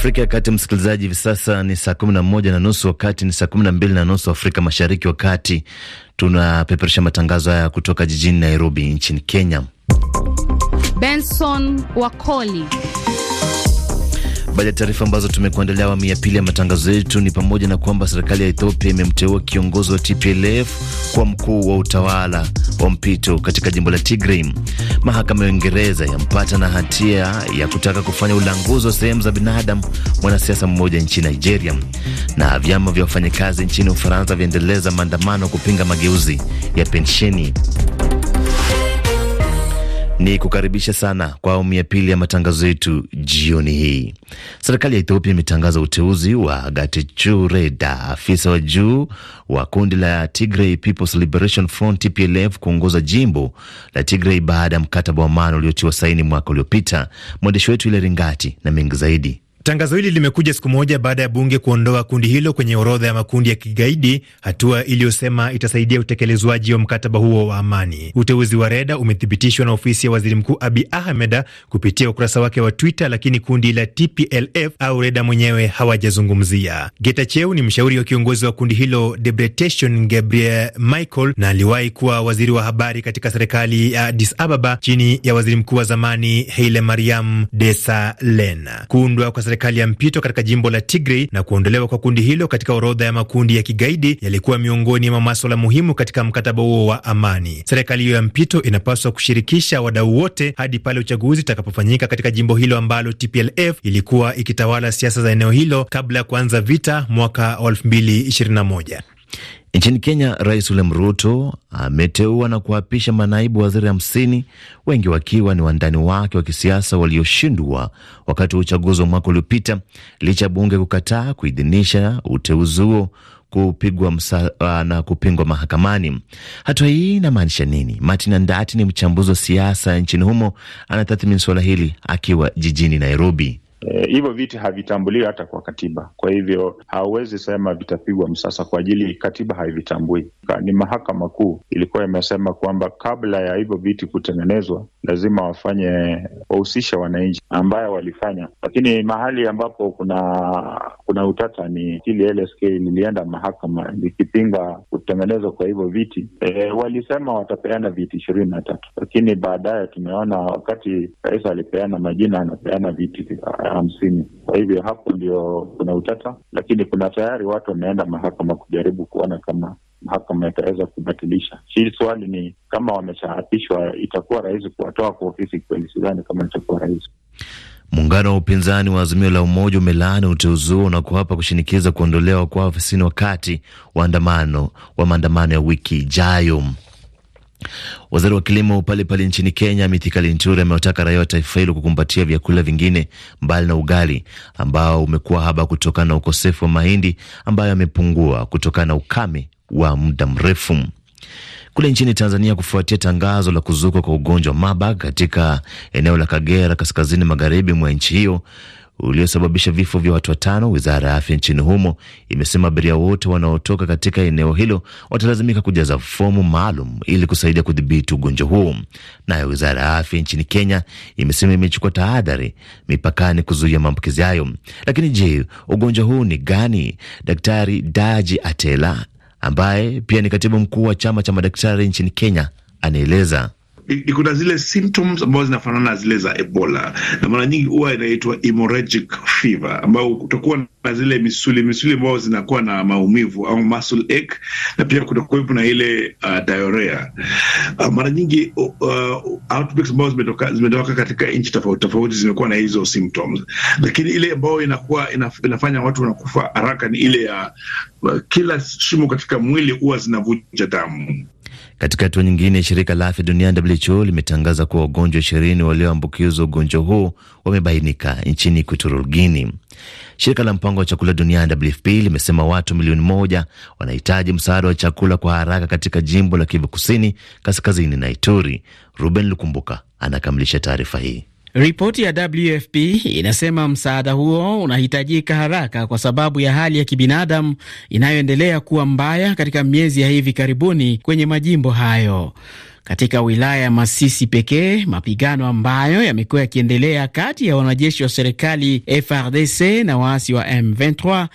Afrika ya Kati, msikilizaji, hivi sasa ni saa kumi na moja na nusu wakati ni saa kumi na mbili na nusu Afrika Mashariki, wakati tunapeperusha matangazo haya kutoka jijini Nairobi nchini Kenya. Benson Wakoli Baadhi ya taarifa ambazo tumekuandalia awamu ya pili ya matangazo yetu ni pamoja na kwamba serikali ya Ethiopia imemteua kiongozi wa TPLF kwa mkuu wa utawala wa mpito katika jimbo la Tigray. Mahakama ya Uingereza yampata na hatia ya kutaka kufanya ulanguzi wa sehemu za binadamu mwanasiasa mmoja nchini Nigeria. Na vyama vya wafanyakazi nchini Ufaransa vyaendeleza maandamano kupinga mageuzi ya pensheni. Ni kukaribisha sana kwa awamu ya pili ya matangazo yetu jioni hii. Serikali ya Ethiopia imetangaza uteuzi wa gatechureda Reda, afisa wa juu wa kundi la Tigray People's Liberation Front TPLF, kuongoza jimbo la Tigray baada ya mkataba wa amani uliotiwa saini mwaka uliopita. Mwandishi wetu Ile Ringati na mengi zaidi Tangazo hili limekuja siku moja baada ya bunge kuondoa kundi hilo kwenye orodha ya makundi ya kigaidi, hatua iliyosema itasaidia utekelezwaji wa mkataba huo wa amani. Uteuzi wa Reda umethibitishwa na ofisi ya waziri mkuu Abi ahmeda kupitia ukurasa wake wa Twitter, lakini kundi la TPLF au Reda mwenyewe hawajazungumzia. Getachew ni mshauri wa kiongozi wa kundi hilo Debretation Gabriel Michael na aliwahi kuwa waziri wa habari katika serikali ya Addis Ababa chini ya waziri mkuu wa zamani Haile Mariam Desalegn. Kuundwa kwa serikali ya mpito katika jimbo la Tigray na kuondolewa kwa kundi hilo katika orodha ya makundi ya kigaidi yalikuwa miongoni mwa maswala muhimu katika mkataba huo wa amani. Serikali hiyo ya mpito inapaswa kushirikisha wadau wote hadi pale uchaguzi utakapofanyika katika jimbo hilo ambalo TPLF ilikuwa ikitawala siasa za eneo hilo kabla ya kuanza vita mwaka 2021. Nchini Kenya, Rais William Ruto ameteua na kuapisha manaibu waziri hamsini, wengi wakiwa ni wandani wake wa kisiasa walioshindwa wakati wa uchaguzi wa mwaka uliopita, licha ya bunge kukataa kuidhinisha uteuzi huo kupigwa msa, ah, na kupingwa mahakamani. Hatua hii inamaanisha nini? Martin Andati ni mchambuzi wa siasa nchini humo, anatathmini suala hili akiwa jijini Nairobi. E, hivyo e, viti havitambuliwi hata kwa katiba. Kwa hivyo hauwezi sema vitapigwa msasa kwa ajili katiba haivitambui. Ni mahakama kuu ilikuwa imesema kwamba kabla ya hivyo viti kutengenezwa lazima wafanye wahusisha wananchi ambayo walifanya, lakini mahali ambapo kuna kuna utata ni hili LSK lilienda mahakama likipinga kutengenezwa kwa hivyo viti e, walisema watapeana viti ishirini na tatu, lakini baadaye tumeona wakati rais alipeana majina anapeana viti hamsini. Kwa hivyo hapo ndio kuna utata, lakini kuna tayari watu wameenda mahakama kujaribu kuona kama mahakama itaweza kubatilisha. Si swali ni kama wameshaapishwa, itakuwa rahisi kuwatoa kwa ofisi kweli? Sidhani kama itakuwa rahisi. Muungano wa upinzani wa Azimio la Umoja umelaani uteuzi huo na kuapa kushinikiza kuondolewa kwa ofisini wakati wa maandamano ya wiki ijayo. Waziri wa kilimo pale pale nchini Kenya, Mithi Kalinturi, amewataka raia wa taifa hilo kukumbatia vyakula vingine mbali na ugali ambao umekuwa haba kutokana na ukosefu wa mahindi ambayo yamepungua kutokana na ukame wa muda mrefu kule nchini Tanzania kufuatia tangazo la kuzuka kwa ugonjwa wa Marburg katika eneo la Kagera kaskazini magharibi mwa nchi hiyo uliosababisha vifo vya watu watano. Wizara ya afya nchini humo imesema abiria wote wanaotoka katika eneo hilo watalazimika kujaza fomu maalum ili kusaidia kudhibiti ugonjwa huo. Nayo wizara ya afya nchini Kenya imesema imechukua tahadhari mipakani kuzuia maambukizi hayo. Lakini je, ugonjwa huu ni gani? Daktari Daji Atela ambaye pia ni katibu mkuu wa chama cha madaktari nchini Kenya, anaeleza ikuna zile symptoms ambazo zinafanana na zile za Ebola na mara nyingi huwa inaitwa hemorrhagic fever ambayo kutakuwa na zile misuli misuli ambazo zinakuwa na maumivu au muscle ache, na pia kutakuwepo na ile uh, diarrhea uh, mara nyingi uh, uh outbreaks ambazo zimetoka zimetoka katika nchi tofauti tofauti zimekuwa na hizo symptoms, lakini ile ambayo inakuwa inaf, inafanya watu wanakufa haraka ni ile ya uh, kila shimo katika mwili huwa zinavuja damu. Katika hatua nyingine, shirika la afya duniani WHO limetangaza kuwa wagonjwa ishirini walioambukizwa ugonjwa huu wamebainika nchini Equatorial Guinea. Shirika la mpango wa chakula duniani WFP limesema watu milioni moja wanahitaji msaada wa chakula kwa haraka katika jimbo la Kivu Kusini, Kaskazini na Ituri. Ruben Lukumbuka anakamilisha taarifa hii. Ripoti ya WFP inasema msaada huo unahitajika haraka kwa sababu ya hali ya kibinadamu inayoendelea kuwa mbaya katika miezi ya hivi karibuni kwenye majimbo hayo katika wilaya ya Masisi pekee, mapigano ambayo yamekuwa yakiendelea kati ya wanajeshi wa serikali FRDC na waasi wa M23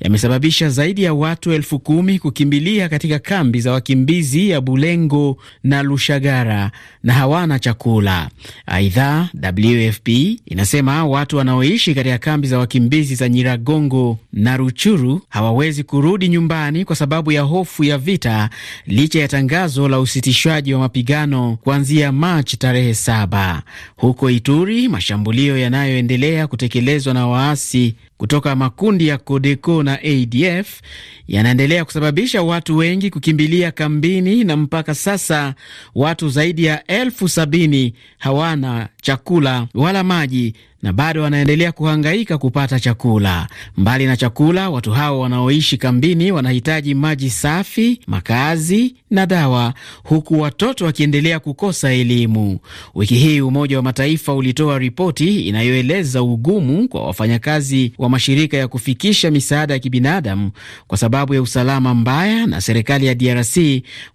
yamesababisha zaidi ya watu elfu kumi kukimbilia katika kambi za wakimbizi ya Bulengo na Lushagara na hawana chakula. Aidha, WFP inasema watu wanaoishi katika kambi za wakimbizi za Nyiragongo na Ruchuru hawawezi kurudi nyumbani kwa sababu ya hofu ya vita licha ya tangazo la usitishwaji wa mapigano mapigano kuanzia Machi tarehe saba. Huko Ituri, mashambulio yanayoendelea kutekelezwa na waasi kutoka makundi ya CODECO na ADF yanaendelea kusababisha watu wengi kukimbilia kambini na mpaka sasa watu zaidi ya elfu sabini hawana chakula wala maji na bado wanaendelea kuhangaika kupata chakula. Mbali na chakula, watu hao wanaoishi kambini wanahitaji maji safi, makazi na dawa, huku watoto wakiendelea kukosa elimu. Wiki hii Umoja wa Mataifa ulitoa ripoti inayoeleza ugumu kwa wafanyakazi kwa mashirika ya kufikisha misaada ya kibinadamu kwa sababu ya usalama mbaya na serikali ya DRC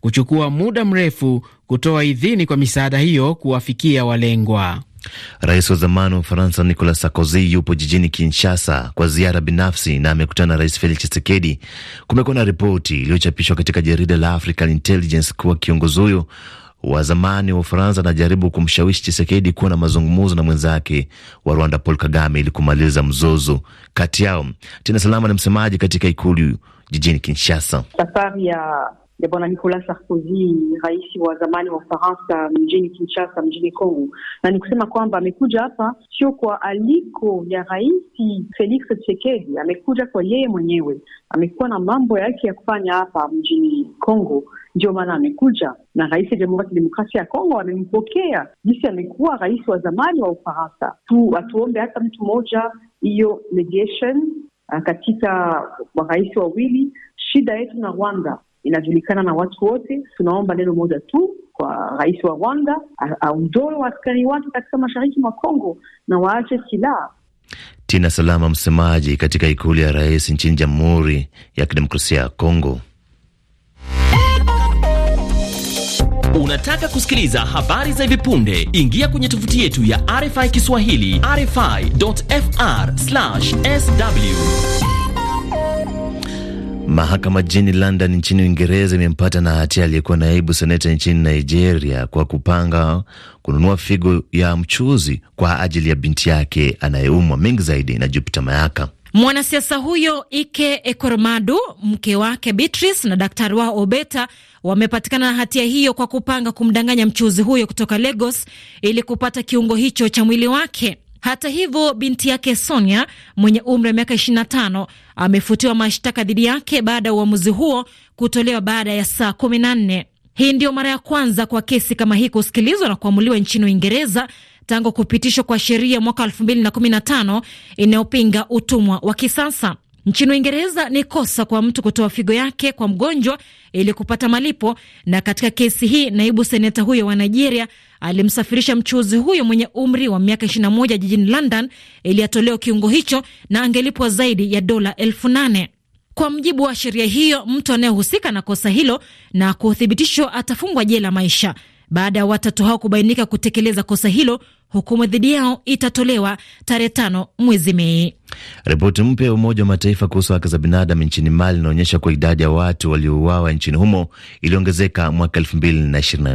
kuchukua muda mrefu kutoa idhini kwa misaada hiyo kuwafikia walengwa. Rais wa zamani wa Ufaransa Nicolas Sarkozy yupo jijini Kinshasa kwa ziara binafsi na amekutana na Rais Felix Tshisekedi. Kumekuwa na ripoti iliyochapishwa katika jarida la African Intelligence kuwa kiongozi huyo wa zamani wa Ufaransa anajaribu kumshawishi Chisekedi kuwa na mazungumzo na mwenzake wa Rwanda Paul Kagame ili kumaliza mzozo kati yao. tena Salama ni msemaji katika ikulu jijini Kinshasa. Safari ya ya Bwana Nicolas Sarkozy, rais wa zamani wa Ufaransa, mjini Kinshasa, mjini Kongo, na ni kusema kwamba amekuja hapa sio kwa aliko ya rais Felix Tshisekedi, amekuja kwa yeye mwenyewe. Amekuwa na mambo yake ya kufanya hapa mjini Kongo ndio maana amekuja na rais wa Jamhuri ya Kidemokrasia ya Kongo amempokea jinsi amekuwa rais wa zamani wa Ufaransa tu. Atuombe hata mtu mmoja hiyo mediation ah, katika warahis wawili. Shida yetu na Rwanda inajulikana na watu wote. Tunaomba neno moja tu kwa rais wa Rwanda, ah, aondoe waaskari wake katika mashariki mwa Kongo na waache silaha. Tina Salama, msemaji katika ikulu ya rais nchini Jamhuri ya Kidemokrasia ya Kongo. Unataka kusikiliza habari za hivi punde? Ingia kwenye tovuti yetu ya RFI Kiswahili, rfi.fr/sw. Mahakama jijini London nchini Uingereza imempata na hatia aliyekuwa naibu seneta nchini Nigeria kwa kupanga kununua figo ya mchuzi kwa ajili ya binti yake anayeumwa. Mengi zaidi na Jupita Mayaka. Mwanasiasa huyo Ike Ekormadu, mke wake Beatrice na daktari wao Obeta wamepatikana na hatia hiyo kwa kupanga kumdanganya mchuuzi huyo kutoka Lagos ili kupata kiungo hicho cha mwili wake. Hata hivyo, binti yake Sonia mwenye umri wa miaka 25 amefutiwa mashtaka dhidi yake baada ya uamuzi huo kutolewa baada ya saa 14. Hii ndiyo mara ya kwanza kwa kesi kama hii kusikilizwa na kuamuliwa nchini Uingereza tangu kupitishwa kwa sheria mwaka 2015 inayopinga utumwa wa kisasa. Nchini Uingereza ni kosa kwa mtu kutoa figo yake kwa mgonjwa ili kupata malipo, na katika kesi hii naibu seneta huyo wa Nigeria alimsafirisha mchuuzi huyo mwenye umri wa miaka 21 jijini London ili atolewe kiungo hicho na angelipwa zaidi ya dola elfu nane. Kwa mjibu wa sheria hiyo, mtu anayehusika na kosa hilo na kuthibitishwa atafungwa jela maisha baada ya watatu hao kubainika kutekeleza kosa hilo, hukumu dhidi yao itatolewa tarehe tano mwezi Mei. Ripoti mpya ya Umoja wa Mataifa kuhusu haki za binadamu nchini Mali inaonyesha kuwa idadi ya watu waliouawa nchini humo iliongezeka mwaka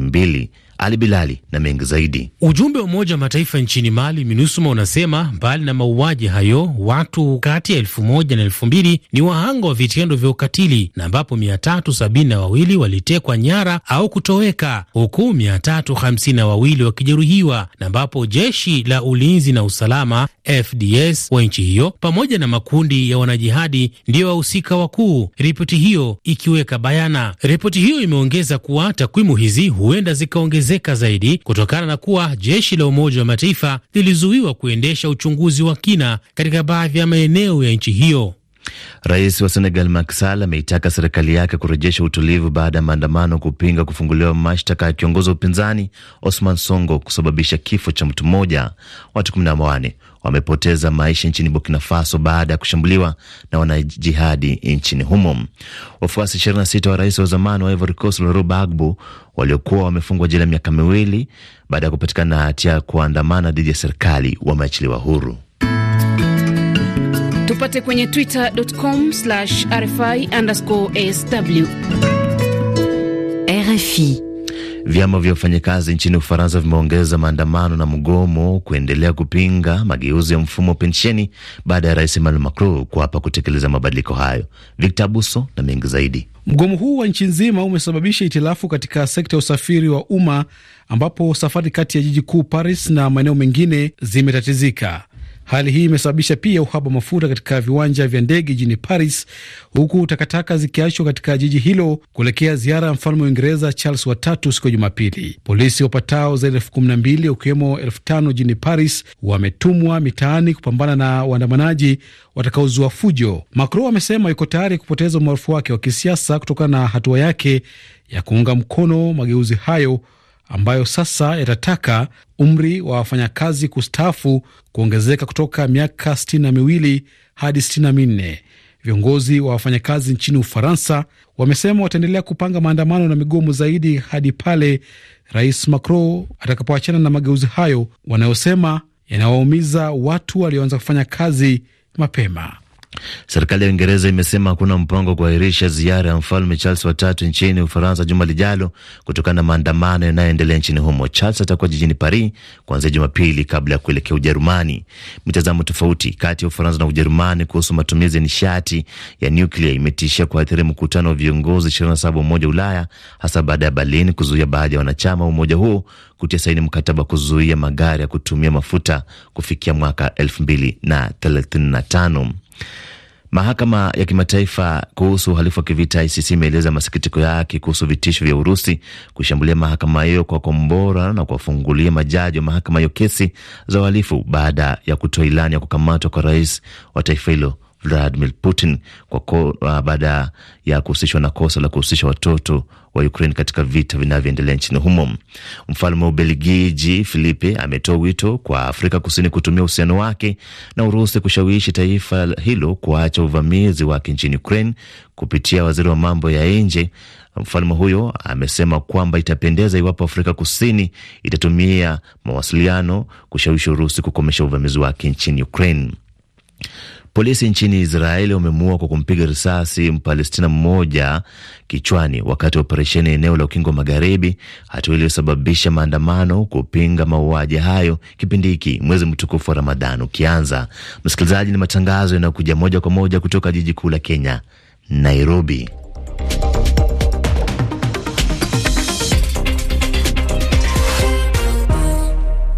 mbili. Ali Bilali na mengi zaidi. Ujumbe wa Umoja wa Mataifa nchini Mali, MINUSMA, unasema mbali na mauaji hayo, watu kati ya elfu moja na elfu mbili ni wahanga wa vitendo vya ukatili, na ambapo mia tatu sabini na wawili walitekwa nyara au kutoweka, huku mia tatu hamsini na wawili wakijeruhiwa, na ambapo jeshi la ulinzi na usalama FDS wa nchi hiyo pamoja na makundi ya wanajihadi ndiyo wahusika wakuu, ripoti hiyo ikiweka bayana. Ripoti hiyo imeongeza kuwa takwimu hizi huenda zikaongezeka zaidi kutokana na kuwa jeshi la Umoja wa Mataifa lilizuiwa kuendesha uchunguzi wa kina katika baadhi ya maeneo ya nchi hiyo. Rais wa Senegal Macky Sall ameitaka serikali yake kurejesha utulivu baada ya maandamano kupinga kufunguliwa mashtaka ya kiongozi wa upinzani Osman Songo kusababisha kifo cha mtu mmoja, watu kumi na wanne wamepoteza maisha nchini Burkina Faso baada ya kushambuliwa na wanajihadi nchini humo. Wafuasi 26 wa rais wa zamani wa Ivory Coast Laurent Gbagbo waliokuwa wamefungwa jela miaka miwili baada ya kupatikana na hatia ya kuandamana dhidi ya serikali wameachiliwa huru. Tupate kwenye twitter.com RFI underscore sw RFI Vyama vya wafanyakazi nchini Ufaransa vimeongeza maandamano na mgomo kuendelea kupinga mageuzi ya mfumo wa pensheni baada ya rais Emmanuel Macron kuapa kutekeleza mabadiliko hayo. Victor Abuso na mengi zaidi. Mgomo huu wa nchi nzima umesababisha hitirafu katika sekta ya usafiri wa umma ambapo safari kati ya jiji kuu Paris na maeneo mengine zimetatizika. Hali hii imesababisha pia uhaba mafuta katika viwanja vya ndege jijini Paris, huku takataka zikiachwa katika jiji hilo kuelekea ziara ya mfalme wa Uingereza Charles watatu siku ya Jumapili. Polisi wapatao zaidi ya elfu kumi na mbili wakiwemo elfu tano jijini Paris wametumwa mitaani kupambana na waandamanaji watakaozua fujo. Macron amesema yuko tayari kupoteza umaarufu wake wa kisiasa kutokana na hatua yake ya kuunga mkono mageuzi hayo ambayo sasa yatataka umri wa wafanyakazi kustaafu kuongezeka kutoka miaka sitini na miwili hadi sitini na minne. Viongozi wa wafanyakazi nchini Ufaransa wamesema wataendelea kupanga maandamano na migomo zaidi hadi pale Rais Macron atakapoachana na mageuzi hayo wanayosema yanawaumiza watu walioanza kufanya kazi mapema. Serikali ya Uingereza imesema hakuna mpango wa kuahirisha ziara ya mfalme Charles watatu nchini Ufaransa juma lijalo kutokana na maandamano yanayoendelea nchini humo. Charles atakuwa jijini Paris kuanzia Jumapili kabla ya kuelekea Ujerumani. Mitazamo tofauti kati ya Ufaransa na Ujerumani kuhusu matumizi ya nishati ya nyuklia imetishia kuathiri mkutano wa viongozi 27 Umoja Ulaya, hasa baada ya Berlin kuzuia baadhi ya wanachama wa umoja huo kutia saini mkataba kuzuia magari ya kutumia mafuta kufikia mwaka 2035. Mahakama ya Kimataifa kuhusu uhalifu wa kivita ICC imeeleza masikitiko yake kuhusu vitisho vya Urusi kushambulia mahakama hiyo kwa kombora na kuwafungulia majaji wa mahakama hiyo kesi za uhalifu baada ya kutoa ilani ya kukamatwa kwa rais wa taifa hilo Vladimir Putin kwa uh, baada ya kuhusishwa na kosa la kuhusisha watoto wa Ukraine katika vita vinavyoendelea nchini humo. Mfalme wa Ubelgiji Filipe ametoa wito kwa Afrika Kusini kutumia uhusiano wake na Urusi kushawishi taifa hilo kuacha uvamizi wake nchini Ukraine kupitia waziri wa mambo ya nje. Mfalme huyo amesema kwamba itapendeza iwapo Afrika Kusini itatumia mawasiliano kushawishi Urusi kukomesha uvamizi wake nchini Ukraine. Polisi nchini Israeli wamemuua kwa kumpiga risasi Mpalestina mmoja kichwani wakati wa operesheni eneo la Ukingo Magharibi, hatua iliyosababisha maandamano kupinga mauaji hayo kipindi hiki mwezi mtukufu wa Ramadhan ukianza. Msikilizaji, ni matangazo yanayokuja moja kwa moja kutoka jiji kuu la Kenya, Nairobi.